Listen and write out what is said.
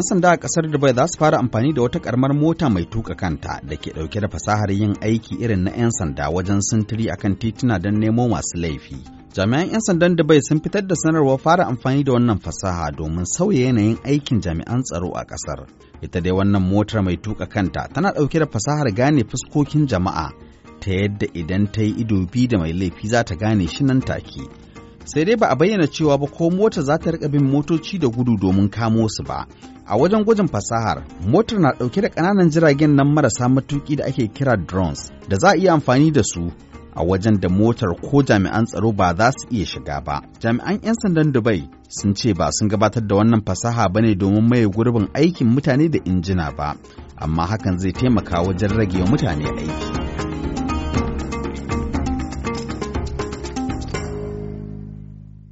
'Yan sanda a kasar Dubai za su fara amfani da wata karamar mota mai tuka kanta da ke dauke da fasahar yin aiki irin na 'yan sanda wajen sintiri akan tituna don nemo masu laifi. Jami'an 'yan sandan Dubai sun fitar da sanarwar fara amfani da wannan fasaha domin sauya yanayin aikin jami'an tsaro a kasar Ita dai wannan motar mai tuka kanta tana dauke da fasahar gane fuskokin jama'a ta yadda idan ta yi ido biyu da mai laifi za ta gane shi nan take. sai dai ba a bayyana cewa ba ko mota za ta rika bin motoci da gudu domin kamo su ba a wajen gwajin fasahar motar na ɗauke da ƙananan jiragen nan marasa matuki da ake kira drones da za a iya amfani da su a wajen da motar ko jami'an tsaro ba za su iya shiga ba jami'an 'yan sandan dubai sun ce ba sun gabatar da wannan fasaha ba ne domin maye gurbin aikin mutane da injina ba amma hakan zai taimaka wajen rage mutane aiki